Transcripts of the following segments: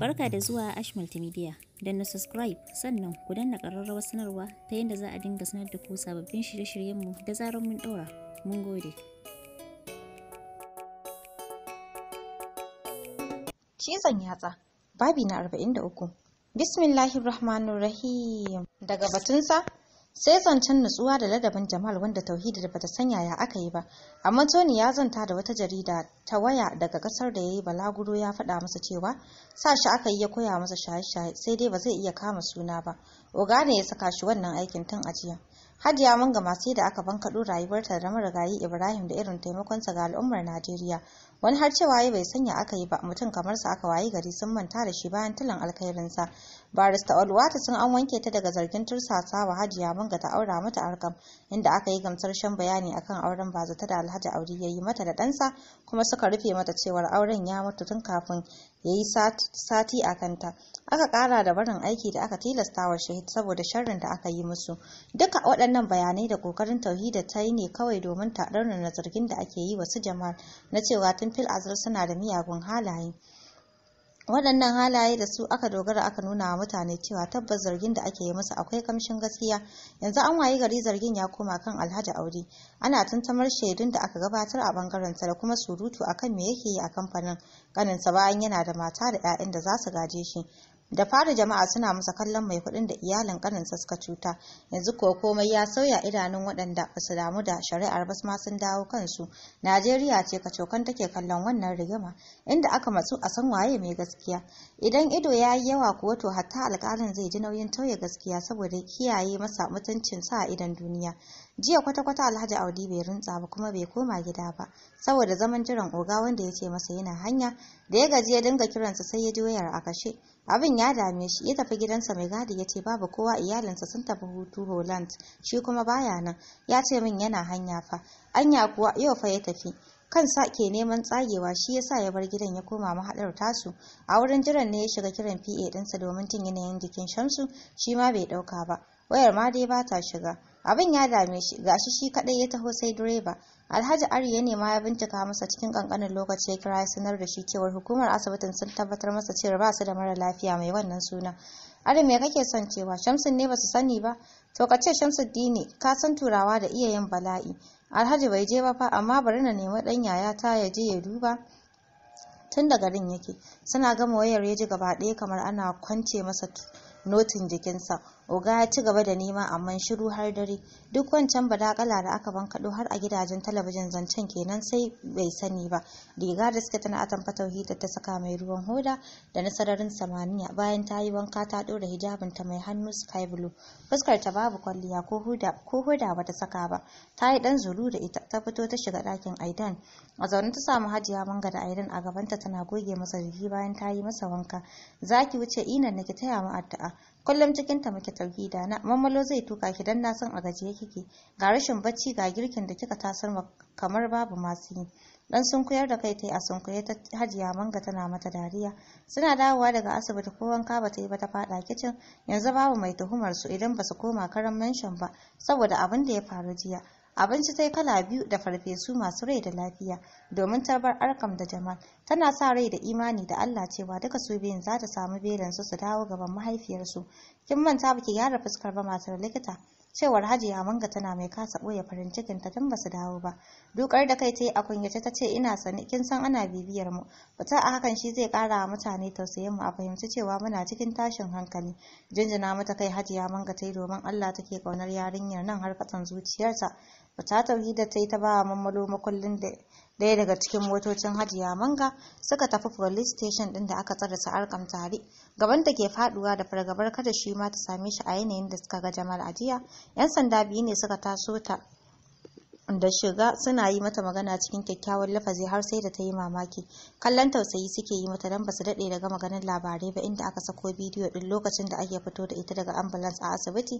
Barka da zuwa Ash Multimedia. Don na subscribe sannan ku danna ƙararrawar sanarwa ta yadda za a dinga sanar da ku sababbin shirye-shiryenmu da zarar mun ɗora. Mun gode. Cizon yatsa, babi na 43. Bismillahirrahmanirrahim. Daga batunsa sai zancen nutsuwa da ladabin Jamal wanda Tauhidi da bata san yaya aka yi ba amma Tony ya zanta da wata jarida ta waya daga kasar da ya yayi balaguro ya faɗa masa cewa sa shi aka yi ya koya masa shaye-shaye sai dai ba zai iya kama suna ba Ogane ya saka shi wannan aikin tun ajiya jiya mun ga masu da aka bankaɗo rayuwarta da marigayi Ibrahim da irin taimakonsa ga al'ummar Najeriya wani har cewa ya bai sanya aka yi ba mutum kamar sa aka wayi gari sun manta da shi bayan talan alkhairinsa barista olwata sun an wanke ta daga zargin tursasa wa hajiya manga ta aura mata arkam inda aka yi gamsar gamsarshen bayani akan auren bazata da alhaji audi ya yi mata da ɗansa kuma suka rufe mata cewar auren ya mutu tun kafin ya yi sati a kanta aka kara da barin aiki da aka tilasta wa shahid saboda sharrin da aka yi musu duka waɗannan bayanai da kokarin tauhida ta yi ne kawai domin ta na zargin da ake yi wasu su jamal na cewa tun fil azar suna da miyagun halaye waɗannan halaye da su aka dogara aka nuna wa mutane cewa tabbas zargin da ake yi musu akwai kamshin gaskiya yanzu an wayi gari zargin ya koma kan alhaji aure ana tantamar shaidun da aka gabatar a bangarensa da kuma surutu akan me yake yi a kamfanin kaninsa bayan yana da mata da 'ya'yan da za su gaje shi da fara jama'a suna masa kallon mai kuɗin da iyalin kanin suka cuta yanzu ko komai ya sauya idanun waɗanda ba damu da shari'ar ba ma sun dawo kansu najeriya ce ka cokan take kallon wannan rigima inda aka matsu a san waye mai gaskiya idan ido ya yi yawa kuwa to hatta alƙalin zai ji nauyin tauye gaskiya saboda kiyaye masa mutuncin sa idan duniya jiya kwata-kwata alhaji audi bai rintsa ba kuma bai koma gida ba saboda zaman jiran oga wanda ya ce masa yana hanya da ya gaji ya dinga kiransa sai ya ji wayar a kashe abin ya dame shi ya tafi gidansa mai gadi ya ce babu kowa iyalinsa sun tafi hutu holland shi kuma baya nan ya ce min yana hanya fa anya kuwa yau fa ya tafi kansa ke neman tsagewa shi yasa ya bar gidan ya koma mahaɗar tasu a wurin jiran ne ya shiga kiran PA ɗinsa domin tun yanayin jikin Shamsu shi ma bai ɗauka ba wayar ma dai ba ta shiga abin ya dame shi gashi shi kadai ya taho sai direba alhaji ari ya nema ya bincika masa cikin kankanin lokaci ya kira ya sanar da shi cewar hukumar asibitin sun tabbatar masa cewa ba su da mara lafiya mai wannan suna ari me kake son cewa shamsin ne basu sani ba to ka ce shamsuddini ka san turawa da iya yin bala'i alhaji bai je ba fa amma bari na nemi dan yaya ta ya je ya duba tun da garin yake suna gama wayar ya ji gaba ɗaya kamar ana kwance masa notin jikinsa oga ya ci gaba da nema amma shiru har dare duk wancan badakala da aka kado har a gidajen talabijin zancen kenan sai bai sani ba riga da suka tana atamfa hita ta saka mai ruwan hoda da nasararin samaniya bayan ta yi wanka ta ɗora hijabin ta mai hannu sky blue fuskar ta babu kwalliya ko hoda ko hoda bata saka ba ta yi dan zulu da ita ta fito ta shiga ɗakin aidan a zaune ta samu hajiya manga da aidan a gabanta tana goge masa jiki bayan ta yi masa wanka zaki wuce inan nake taya mu addu'a kullum cikin ta muke tauhida na Mamalo zai tuka ki dan na san a gajiye kike ga rashin bacci ga girkin da kika tasar kamar babu masu yi dan sun kuyar da kai tai a sunkuye ta hajiya manga tana mata dariya suna dawowa daga asibiti ko wanka ba ta yi ba ta fada kicin yanzu babu mai tuhumar su idan ba su koma karan menshon ba saboda abin da ya faru jiya abinci sai kala biyu da farfesu masu rai da lafiya domin tabar, arkam da jamal tana sa rai da imani da allah cewa duka su biyun za ta samu belansu su dawo gaban mahaifiyarsu kin manta baki gyara fuskar ba matar likita cewar hajiya manga tana mai kasa ɓoye farin cikin ta tun basu dawo ba dukar da kai tayi a kunyace ta ce ina sani kin san ana bibiyar mu fita a hakan shi zai ƙara wa mutane tausayin mu a fahimci cewa muna cikin tashin hankali jinjina mata kai hajiya manga tayi domin Allah take kaunar yarinyar nan har katsan zuciyarta fita tauhida ta yi ta ba wa mammalo makullin da daya daga cikin motocin hajiya manga suka tafi police station din da aka tsare su arkam tare gaban da ke faduwa da fargabar kada shi ma ta same shi a yanayin da suka ga jamal ajiya yan sanda biyu ne suka taso ta da shiga suna yi mata magana cikin kyakkyawan lafazi har sai da ta yi mamaki kallon tausayi suke yi mata don basu daɗe daga maganin labarai ba inda aka sako bidiyo ɗin lokacin da ake fito da ita daga ambulance a asibiti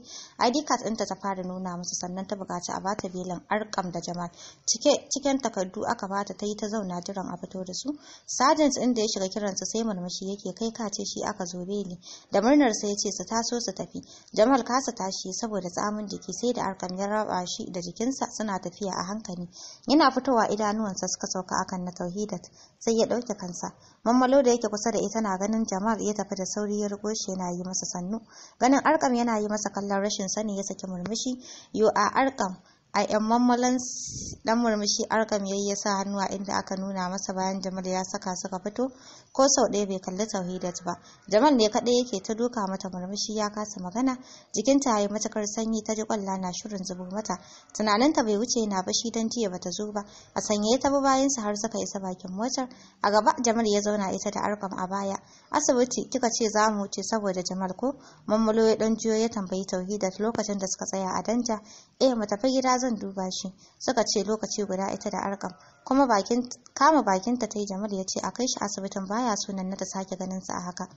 id card ɗinta ta fara nuna musu sannan ta buƙaci a bata belin arkam da jamal cike cikin takardu aka bata ta yi ta zauna jiran a fito da su sergeant ɗin da ya shiga sa sai murmushi yake kai ka ce shi aka zo beli da murnar sa ya ce su taso su tafi jamal kasa tashi saboda tsamin jiki sai da arkam ya raba shi da jikinsa suna tafi tafiya a hankali yana fitowa idanuwansa suka sauka akan na tauhidat sai ya ɗauke kansa mammalo da yake kusa da ita na ganin jamal ya tafi da sauri ya rigo shi yana yi masa sannu ganin arkam yana yi masa kallon rashin sani ya saki murmushi yo a arkam a yan mammalan dan murmushi arkam yayi ya sa hannu a inda aka nuna masa bayan jamal ya saka suka fito ko sau ɗaya bai kalli tauhidat ba jamal ne kaɗai yake ta duka mata murmushi ya kasa magana jikinta yayi matakar sanyi ta ji kwalla na shirin zubo mata tunaninta bai wuce na bashi don jiya bata zo ba a sanye ta bi bayansa har suka isa bakin motar a gaba jamal ya zauna ita da arkam a baya asibiti kika ce za mu wuce saboda jamal ko mammalo ya dan jiyo ya tambayi tauhidat lokacin da suka tsaya a danja eh mu tafi gida zan duba shi suka ce lokaci guda ita da arkam kuma bakin kama bakinta ta yi jamal ya ce a kai shi asibitin baya sunan na ta sake ganin sa a haka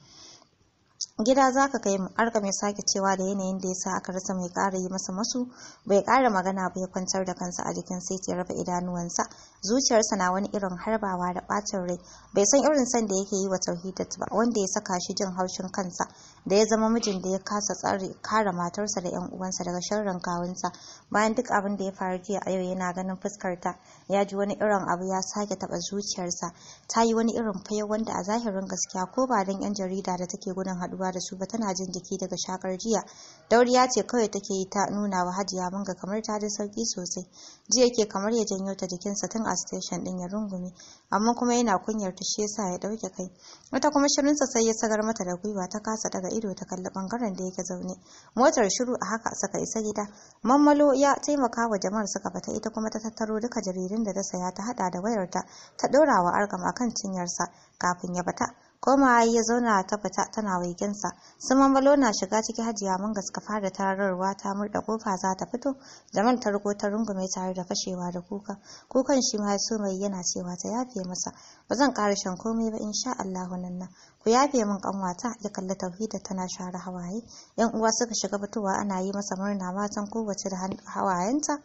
gida za ka kai mu arkam ya sake cewa da yanayin da ya sa aka rasa mai ƙara yi masa masu bai ƙara magana ba ya kwantar da kansa a jikin sai ya rufe idanuwansa zuciyarsa na wani irin harbawa da ɓacin rai bai san irin san da yake yi wa tauhidat ba wanda ya saka shi jin haushin kansa da ya zama mijin da ya kasa tsare kare matarsa da yan uwansa daga sharrin kawunsa bayan duk abin da ya faru jiya a yau yana ganin fuskarta ya ji wani irin abu ya sake taɓa zuciyarsa ta yi wani irin fayo wanda a zahirin gaskiya ko ba don yan jarida da take gudun haduwa da su ba tana jin jiki daga shakar jiya Dauri ya ce kawai take yi ta nuna wa hajiya manga kamar ta ji sauki sosai jiya ke kamar ya janyo ta jikinsa tun a station din ya rungume amma kuma yana kunyar ta shi yasa ya ɗauke kai wata kuma shirinsa sai ya sagar mata da gwiwa ta kasa daga ido ta kalli bangaren da yake zaune motar shiru a haka suka isa gida mammalo ya taimaka wa jama'ar suka fita ita kuma ta tattaro duka jaririn da ta saya ta hada da wayarta ta dorawa wa argam kan cinyarsa kafin ya bata. komawa ya zauna ta fita tana waigensa sun mamalo na shiga ciki hajiya mun gaska fara tararwa ta murda kofa za ta fito jamal ta ta rungume tare da fashewa da kuka kukan shi ma so mai yana cewa ta yafe masa ba zan ƙara shan komai ba insha Allah nan nan ku yafe min kanwata ya kalli tauhida tana share hawaye yan uwa suka shiga fitowa ana yi masa murna matan kowace da hawayenta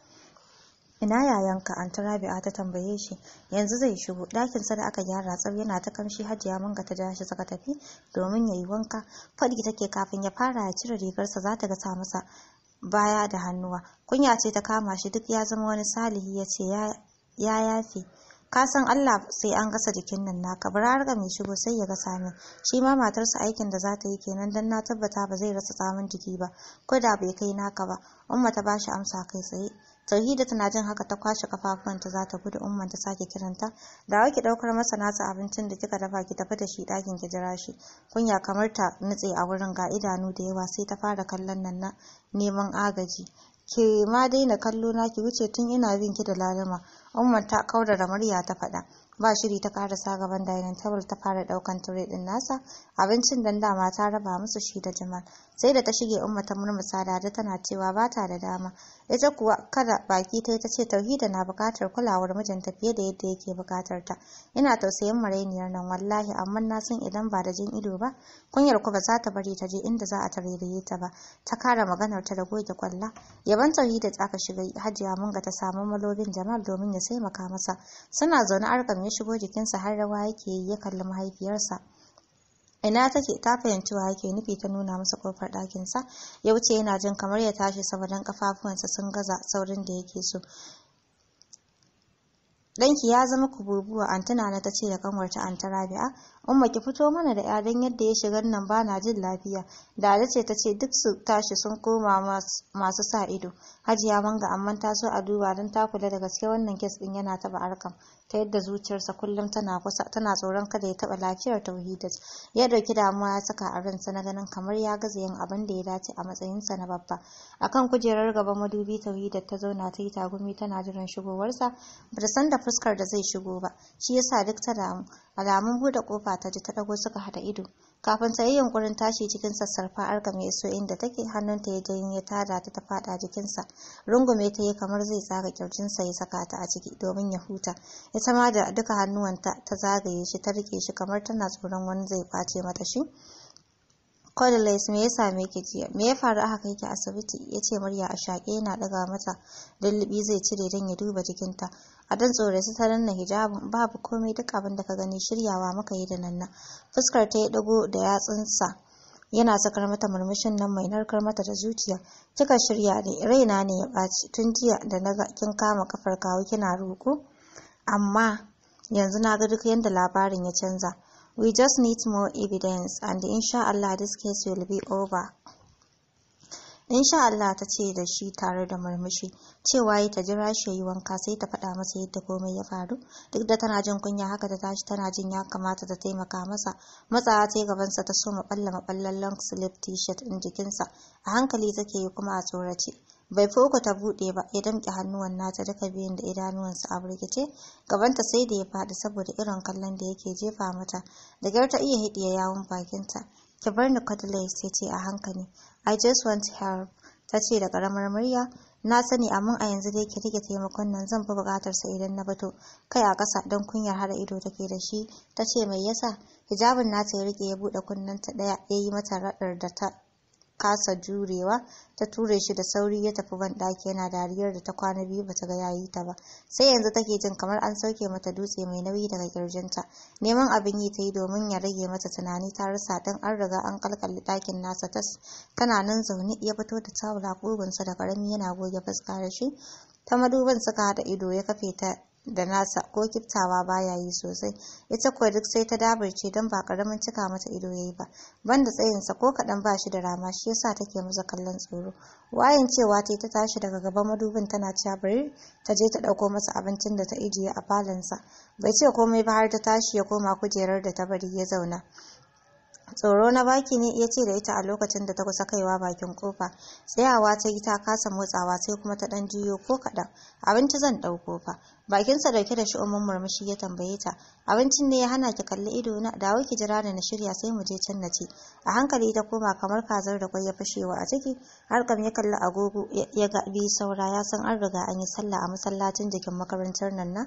ina yayanka Anta rabi'a ta tambaye shi yanzu zai shigo ɗakin sa da aka gyara tsar yana ta kamshi hajiya manga ta jashi saka tafi domin yayi wanka faɗi take kafin ya fara ya cire rigarsa za ta ga sa masa baya da hannuwa kunya ce ta kama shi duk ya zama wani salihi ya ce ya yafe ka san Allah sai an gasa jikin nan naka bari har mai shigo sai ya gasa min shi ma matarsa aikin da za ta yi kenan dan na tabbata ba zai rasa tsamin jiki ba ko da bai kai naka ba umma ta bashi amsa kai tsaye tauhida tana jin haka ta kwashe kafafuwanta za ta gudu umman ta sake kiranta da ki daukar masa nasa abincin da kika dafa ki tafi da shi dakin ki jira shi kunya kamar ta nutse a wurin ga idanu da yawa sai ta fara kallon nan na neman agaji ke ma daina kallo na ki wuce tun ina bin ki da laluma. umman ta kaurara murya ta faɗa ba shiri ta karasa gaban dining table ta fara daukan tire din nasa abincin dan dama ta raba musu shi da jamal sai da ta shige umma ta murmusa da tana cewa ba ta da dama ita kuwa kada baki ta ta ce tauhida na bukatar kulawar mijinta fiye da yadda yake bukatar ta ina tausayin marainiyar nan wallahi amma na san idan ba da jin ido ba kunyar ku ba za ta bari ta je inda za a tareraye ta ba ta kara maganar ta da goge kwalla yaban tauhida aka shiga hajiya mun ga ta samu malobin jamal domin ya taimaka masa suna zaune arkan ya shigo jikinsa har rawa yake yi ya kalli mahaifiyarsa ina take ta fahimci wa yake nufi ta nuna masa kofar ɗakinsa ya wuce yana jin kamar ya tashi saboda kafafuwansa sun gaza saurin da yake so danki ya zama kububuwa antuna na ta ce da kanwarta anta umma ki fito mana da yadan yadda ya shigar nan ba na jin lafiya da ce ta ce duk su tashi sun koma masu sa ido hajiya manga amma ta so a duba don ta kula da gaske wannan kes din yana taba arkam ta yadda zuciyarsa kullum tana kusa tana tsoron kada ya taba lafiyar tauhidat ya dauki damuwa ya saka a ransa na ganin kamar ya gaza yin abin da ya dace a matsayinsa na babba akan kujerar gaba madubi tauhidat ta zauna ta yi tagumi tana jiran shigowarsa ba ta san da fuskar da zai shigo ba shi yasa duk ta damu alamun bude kofa ta ji ta dago suka hada ido kafin ta yi yunkurin tashi cikin sassarfa arka mai so inda take hannunta ya janyo ya tada ta ta fada jikinsa rungume ta yi kamar zai tsaga kirjinsa ya saka ta a ciki domin ya huta ya ma da duka hannuwanta ta zagaye shi ta rike shi kamar tana tsoron wani zai kwace mata shi Kodalais me ya same ki jiya? Me ya faru aka kai ki asibiti? Ya ce murya a shaƙe yana ɗaga mata lullubi zai cire don ya duba jikinta. a dan su ta na hijabin babu komai duk abin da ka gani shiryawa muka yi da nan nan fuskar ta ya dago da yatsunsa yana sakar mata murmushin nan mai narkar mata da zuciya kika shirya ne raina ne ya baci tun jiya da na ga kin kama kafar kawu kina roko amma yanzu na ga duk yadda labarin ya canza we just need more evidence and insha Allah this case will be over insha Allah ta ce da shi tare da murmushi cewa yi ta jira shi yi wanka sai ta faɗa masa yadda komai ya faru duk da tana jin kunya haka ta tashi tana jin ya kamata ta taimaka masa matsawa ta yi gabansa ta so maɓalla maɓallan long sleeve t-shirt ɗin jikinsa a hankali take yi kuma a tsorace bai fi ta buɗe ba ya damƙe hannuwan nata duka biyun da idanuwansa a burkice? gabanta sai da ya faɗi saboda irin kallon da yake jefa mata da ta iya hiɗiya yawon bakinta ki bar ni kwadilai sai ce a hankali I just want help. Ta ce da ƙaramar murya, na sani amma a yanzu dai ki rike taimakon nan zan fi buƙatar sa idan na bato Kai a ƙasa don kunyar hada ido take da shi, ta ce mai yasa? Hijabin nata ya rike ya buɗe kunnen ta ɗaya ya yi mata raɗar da ta kasa jurewa ta ture shi da sauri ya tafi banɗaki yana dariyar da ta kwana biyu bata ga yayi ta ba sai yanzu take jin kamar an sauke mata dutse mai nauyi daga kirjinta neman abin yi ta yi domin ya rage mata tunani ta rasa dan an riga an kalkalli dakin nasa tas tana nan zaune ya fito da tawula kugunsa da karami yana goge fuska da shi ta maduban suka haɗa ido ya kafe ta da nasa ko kiftawa baya yi sosai ita kuwa duk sai ta dabarce don ba karamin cika mata ido yayi ba banda tsayinsa ko kaɗan ba shi da rama shi yasa take masa kallon tsoro wayan cewa ta ta tashi daga gaban madubin tana cewa bari ta je ta ɗauko masa abincin da ta ijiye a falonsa bai ce komai ba har ta tashi ya koma kujerar da ta bari ya zauna tsoro na baki ne ya ce da ita a lokacin da ta kusa kaiwa bakin kofa tsayawa ta yi ta kasa motsawa sai kuma ta dan juyo ko kaɗan abinci zan ɗauko fa bakinsa dauke da shi shi'umin murmushi ya tambaye ta abincin ne ya hana ki kalli ido na dawo ki jira da na shirya sai mu je can na ce. a hankali ta koma kamar kazar da kwai ya fashewa a ciki har kam ya kalli agogo ya ga saura ya san an riga an yi sallah a masallacin jikin makarantar nan na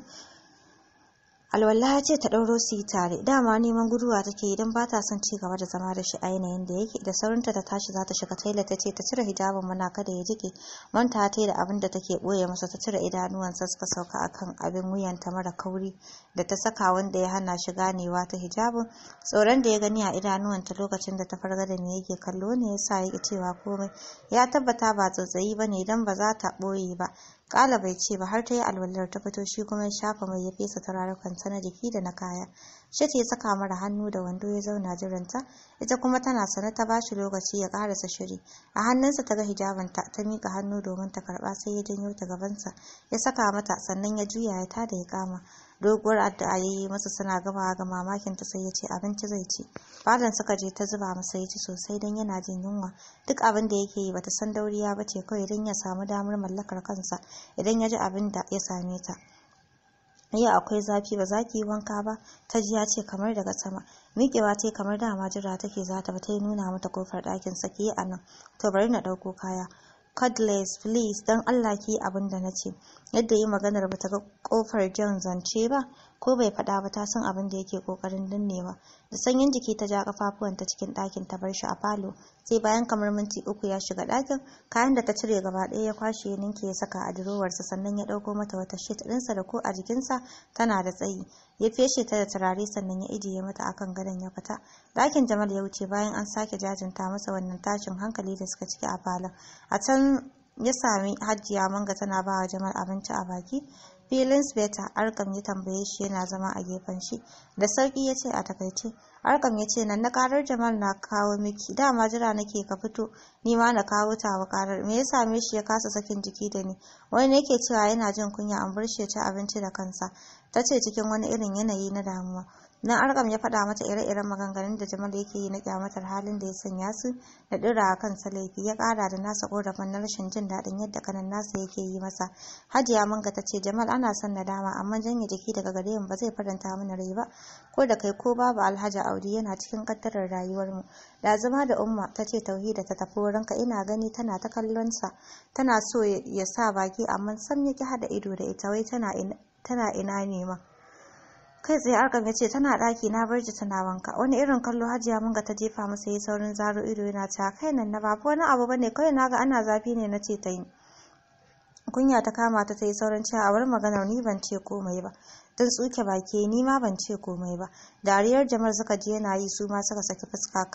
alwala ya ce ta ɗauro su yi tare dama neman guduwa take idan ba ta son ci gaba da zama da shi a yanayin da yake da saurinta ta tashi za ta shiga taila ta ce ta cire hijabin mana kada ya jike manta ta da abin da take ɓoye masa ta cire idanuwansa suka sauka akan abin wuyanta mara kauri da ta saka wanda ya hana shi ganewa ta hijabin tsoron da ya gani a idanuwanta lokacin da ta farga da me yake kallo ne ya sa ya cewa komai ya tabbata ba tsotsayi ba ne idan ba za ta ɓoye ba kala bai ce ba har ta yi alwalar ta fito shi kuma ya shafa mai ya fesa turarukan ta na jiki da na kaya shi ya saka mara hannu da wando ya zauna jiranta ita kuma tana sane ta bashi lokaci ya karasa shiri a hannunsa ta ga hijabin ta ta miƙa hannu domin ta karɓa sai ya janyo ta gabansa ya saka mata sannan ya juya ya tada ya kama doguwar addu'a ya yi masa suna gabawa ga mamakin ta sai ya ce abinci zai ci fadan suka je ta zuba masa ya ci sosai don yana jin yunwa duk abin da yake yi bata san dauriya ba ce kawai don ya samu damar mallakar kansa idan ya ji abin da ya same ta iya akwai zafi ba za ki yi wanka ba ta ji ya ce kamar daga sama miƙewa ta kamar dama jira take za ta ba ta yi nuna mata kofar ɗakin sa saki a nan to bari na ɗauko kaya "Cordless, please, don Allah ki abin da na ce." Yadda ya yi maganar ba ta ga ƙofar jan zance ba. ko bai faɗa ba ta san abin da yake kokarin dannewa da sanyin jiki ta ja ta cikin ɗakin ta bar shi a falo sai bayan kamar minti uku ya shiga ɗakin kayan da ta cire gaba ɗaya ya kwashe ya ninke ya saka a durowarsa sannan ya ɗauko mata wata shit ɗinsa da ko a jikinsa tana da tsayi ya feshe ta da turare sannan ya ijiye mata akan gadon ya fita ɗakin jamal ya wuce bayan an sake jajinta masa wannan tashin hankali da suka ciki a falon a can ya sami hajjiya manga tana ba wa jamal abinci a baki filin speta arkam ya tambaye shi yana zama a gefen shi da sauki ya ce a takaice arkam ya ce nan na karar jamal na kawo miki dama jira nake ka fito ni ma na kawo tawa karar me ya same shi ya kasa sakin jiki da ni wani yake cewa yana jin kunya an bar shi ya ci abinci da kansa ta ce cikin wani irin yanayi na damuwa nan argam ya faɗa mata ire-iren maganganun da jamal yake yi na kyamatar halin da ya sanya su da ɗira a kansa laifi ya ƙara da nasa ƙorafin na rashin jin daɗin yadda kanan nasa yake yi masa hajiya manga ta ce jamal ana son nadama amma janye jiki daga gare mu ba zai faranta mana rai ba ko da kai ko babu alhaji audi yana cikin kaddarar rayuwarmu da zama da umma ta ce tauhida ta tafi wurinka ina gani tana ta kallonsa tana so ya sa baki amma sam yake hada ido da ita wai tana ina nema. kai tsaye har ce tana daki na bar tana wanka wani irin kallo hajiya mun ga ta jefa masa yi saurin zaro ido yana ta kai nan na babu wani abu bane kawai naga ana zafi ne na ce ta yi kunya ta kama ta ta yi saurin cewa a bar maganar ni ban ce komai ba don tsuke baki ni ma ban ce komai ba dariyar jamar suka je yana yi su ma suka saki fuska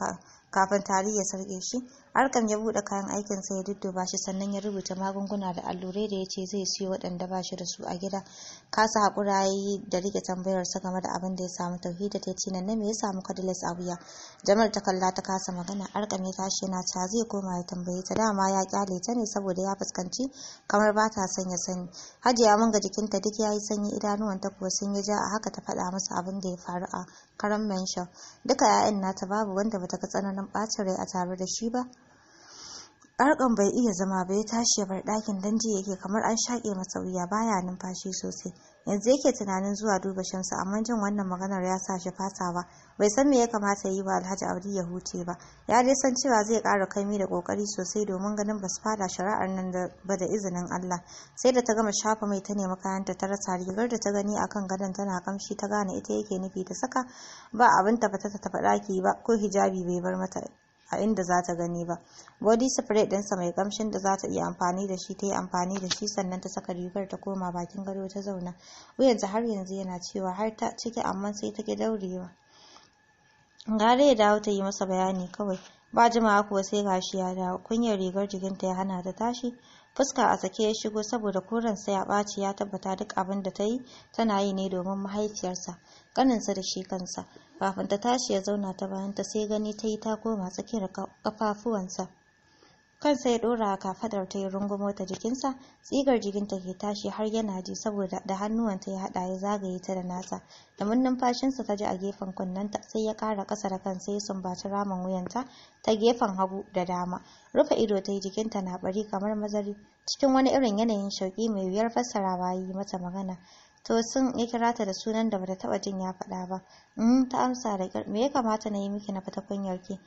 kafin tari ya sarge shi harkan ya buɗe kayan aikin sa ya dudduba shi sannan ya rubuta magunguna da allurai da ya ce zai siyo waɗanda ba shi da su a gida. Kasa hakura da rike tambayar sa game da abin da ya samu tauhida ta ce nan me ya samu kadilas a wuya. Jamal ta kalla ta kasa magana harkan ya tashi yana ta zai koma ya tambaye ta dama ya kyale ta ne saboda ya fuskanci kamar ba ta son ya sani. Hajiya mun ga jikinta duk yayi sanyi sanyi idanuwanta kuwa sun yi ja a haka ta faɗa masa abin da ya faru a karan menshon. Duka 'ya'yan nata babu wanda bata ga tsananin bacin rai a tare da shi ba Barkan bai iya zama ba ya tashi ya bar ɗakin dan ji yake kamar an shake masa wuya baya numfashi sosai. Yanzu yake tunanin zuwa duba Shamsu amma jin wannan maganar ya sa shi fasawa. Bai san me ya kamata yi ba Alhaji Audi ya huce ba. Ya dai san cewa zai ƙara kaimi da kokari sosai domin ganin ba su fada shari'ar nan da ba da izinin Allah. Sai da ta gama shafa mai ta nemi kayan ta rasa rigar da ta gani akan gadon tana kamshi ta gane ita yake nufi ta saka ba abin ta fata ta tafi ɗaki ba ko hijabi bai bar mata a inda za ta gani ba body spray ɗinsa mai kamshin da za ta iya amfani da shi ta yi amfani da shi sannan ta saka rigar ta koma bakin gado ta zauna wuyanta har yanzu yana cewa har ta ciki amma sai ta ki daurewa gare ya dawo ta yi masa bayani kawai ba jimawa kuwa sai gashi ya dawo kunyar rigar jikinta ya hana ta tashi fuska a sake ya shigo saboda koren sa ya ɓaci ya tabbata duk abin da ta yi tana yi ne domin mahaifiyarsa ƙaninsa da shi kansa kafin ta tashi ya zauna ta bayanta sai gani ta yi ta koma tsakiyar kafafuwansa kansa ya dora a kafadar ta ya rungumo ta jikinsa tsigar jikinta ke tashi har yana ji saboda da hannuwanta ya haɗa ya zagaye ta da nasa da mun numfashinsa ta ji a gefen kunnenta sai ya kara kasa da kansa ya sumbaci ramin wuyanta ta gefen hagu da dama rufe ido ta yi jikinta na bari kamar mazari cikin wani irin yanayin shauki mai wuyar fassara yi mata magana to sun ya kira ta da sunan da bata taba jin ya faɗa ba in mm, ta amsa da me ya kamata na yi miki na fita kunyar ki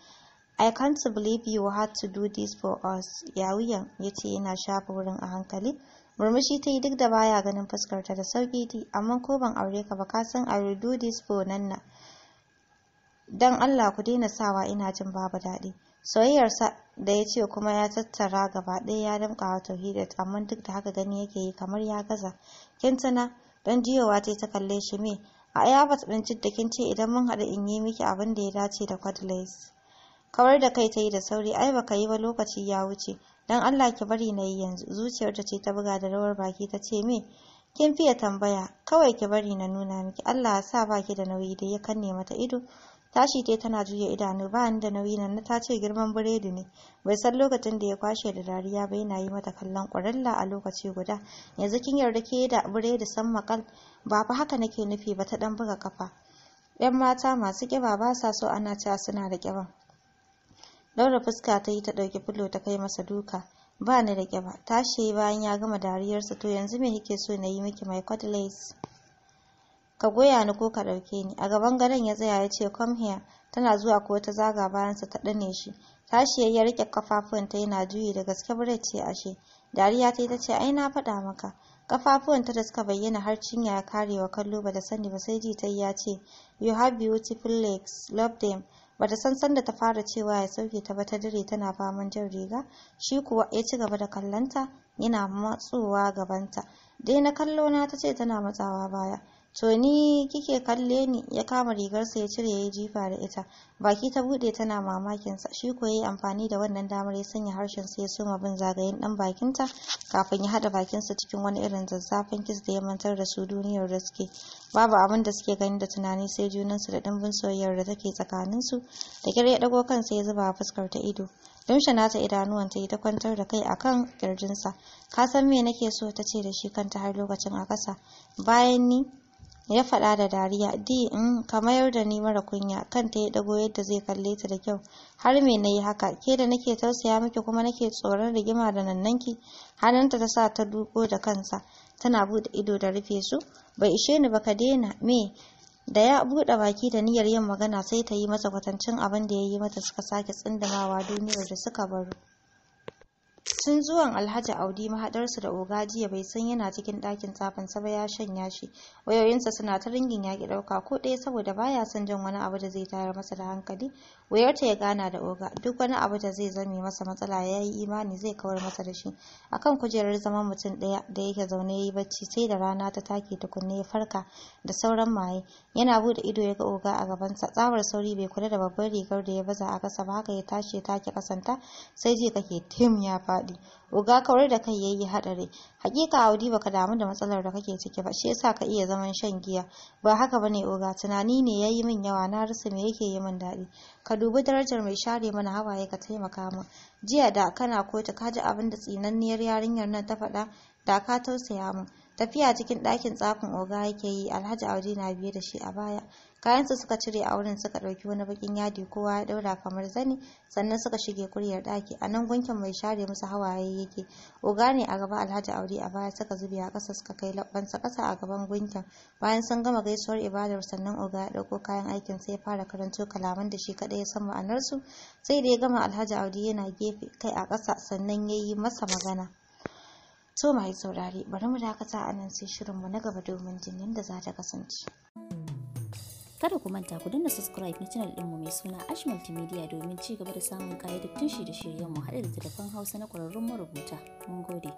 I can't believe you had to do this for us. ya wuya ya ce yana shafa wurin a hankali. Murmushi ta yi duk da baya ganin fuskarta da sauki ta, amma ko ban aure ka ba ka san I will do this for Nanna. Dan Allah ku daina sawa ina jin babu daɗi. Soyayyarsa da ya ce kuma ya tattara gaba ɗaya ya damƙa wa Tauhidat amma duk da haka gani yake yi kamar ya gaza. Kintana dan jiyowa ta ta kalle shi me a ya ba ta ɗan ce idan mun haɗa in yi miki abin da ya dace da Quadlace. kawar da kai ta yi da sauri ai baka yi ba lokaci ya wuce dan Allah ki bari na yi yanzu ta ce ta buga da rawar baki ta ce me kin fiye tambaya kawai ki bari na nuna miki Allah ya sa baki da nauyi da ya kanne mata ido tashi dai tana juya idanu ba ni da nauyi nan ta ce girman biredi ne bai san lokacin da ya kwashe da dariya ba yana yi mata kallon ƙwaralla a lokaci guda yanzu kin yarda ke da biredi san makal ba fa haka nake nufi ba ta dan buga kafa yan mata masu kiba ba sa so ana cewa suna da kiban laura fuska ta yi ta ɗauki filo ta kai masa duka. Ba ni da ƙiba. Tashi bayan ya gama dariyarsa to yanzu me yake so na yi miki mai cutlass? Ka goya ni ko ka ɗauke ni. A gaban gadon ya tsaya ya ce come here. Tana zuwa ko ta zaga bayansa ta ɗane shi. Tashi ya riƙe ta yana juyi da gaske Brett ce ashe. Dariya ta yi ta ce ai na faɗa maka. Kafafuwanta da suka bayyana har cinya ya karewa kallo ba da sani ba sai ji ta ya ce you have beautiful legs love them bata san sanda ta fara cewa ya sauke ta ba ta dare tana faman jan riga shi kuwa ya ci gaba da kallanta yana matsowa gabanta dai na kallo na ta ce tana matsawa baya to ni kike kalle ni ya kama rigarsa ya cire ya jifa da ita baki ta bude tana mamakin sa shi ko yayi amfani da wannan damar ya sanya harshen sa ya soma bin zagayen dan bakinta kafin ya hada bakin sa cikin wani irin zazzafin kis da ya mantar da su duniyar da suke babu abin da suke gani da tunani sai junan su da dimbin soyayyar da take tsakanin su da kire ya dago kansa ya zuba fuskar ta ido Dumshe nata idanuwan ta ta kwantar da kai akan kirjinsa. Ka san me nake so ta ce da shi kanta har lokacin a kasa. Bayan ni ya faɗa da dariya di in mm, ka mayar da ni mara kunya kanta ya ɗago yadda zai kalle ta da kyau har me na yi haka ke da nake tausaya miki kuma nake tsoron rigima da nannanki hannunta ta sa ta duko da kansa tana buɗe ido da rufe su bai ishe ni ba ka daina me da ya buɗe baki da niyyar yin magana sai ta yi masa kwatancin abin da ya yi mata suka sake tsindamawa duniyar da suka baro tun zuwan alhaji audi mahaɗarsa da oga jiya bai san yana cikin ɗakin tsafinsa ba ya shanya shi wayoyinsa suna ta ringin yaƙi ɗauka ko ɗaya saboda baya son jan wani abu da zai tayar masa da hankali wayarta ya gana da oga duk wani abu da zai zame masa matsala ya yi imani zai kawar masa da shi akan kujerar zaman mutum ɗaya da yake zaune ya yi bacci sai da rana ta take tukunne ya farka da sauran maye yana buɗe ido ya ga oga a gabansa tsabar sauri bai kula da babban rigar da ya baza a kasa ba haka ya tashi ya take kasanta sai jiya kake tim ya fara faɗi oga kawar da kai yayi hadari hakika audi baka damu da matsalar da kake ciki ba shi yasa ka iya zaman shan giya ba haka ba ne oga tunani ne yayi min yawa na rasa me yake yi min daɗi ka dubi darajar mai share mana hawaye ka taimaka min jiya da kana kotu ka ji abin da tsinanniyar yarinyar nan ta faɗa da ka tausaya min tafiya cikin ɗakin tsafin oga yake yi alhaji audi na biye da shi a baya kayansu suka cire a wurin suka ɗauki wani bakin yadi kowa ya ɗaura kamar zani sannan suka shige kuryar ɗaki a nan gunkin mai share musu hawaye yake oga ne a gaba alhaji aure a baya suka zube a ƙasa suka kai labbansa ƙasa a gaban gunkin bayan sun gama gaisuwar ibadar sannan oga ya ɗauko kayan aikin sai ya fara karanto kalaman da shi kaɗai ya san su sai da ya gama alhaji aure yana gefe kai a ƙasa sannan ya yi masa magana to mai saurare bari mu dakata a nan sai mu na gaba domin jin yanda za ta kasance. Kada ku manta ku danna subscribe na channel ɗinmu mai suna Ash Multimedia domin ci gaba da samun kayyadattun shi da shiryenmu haɗe da telefon Hausa na ƙwararrun marubuta. Mun gode.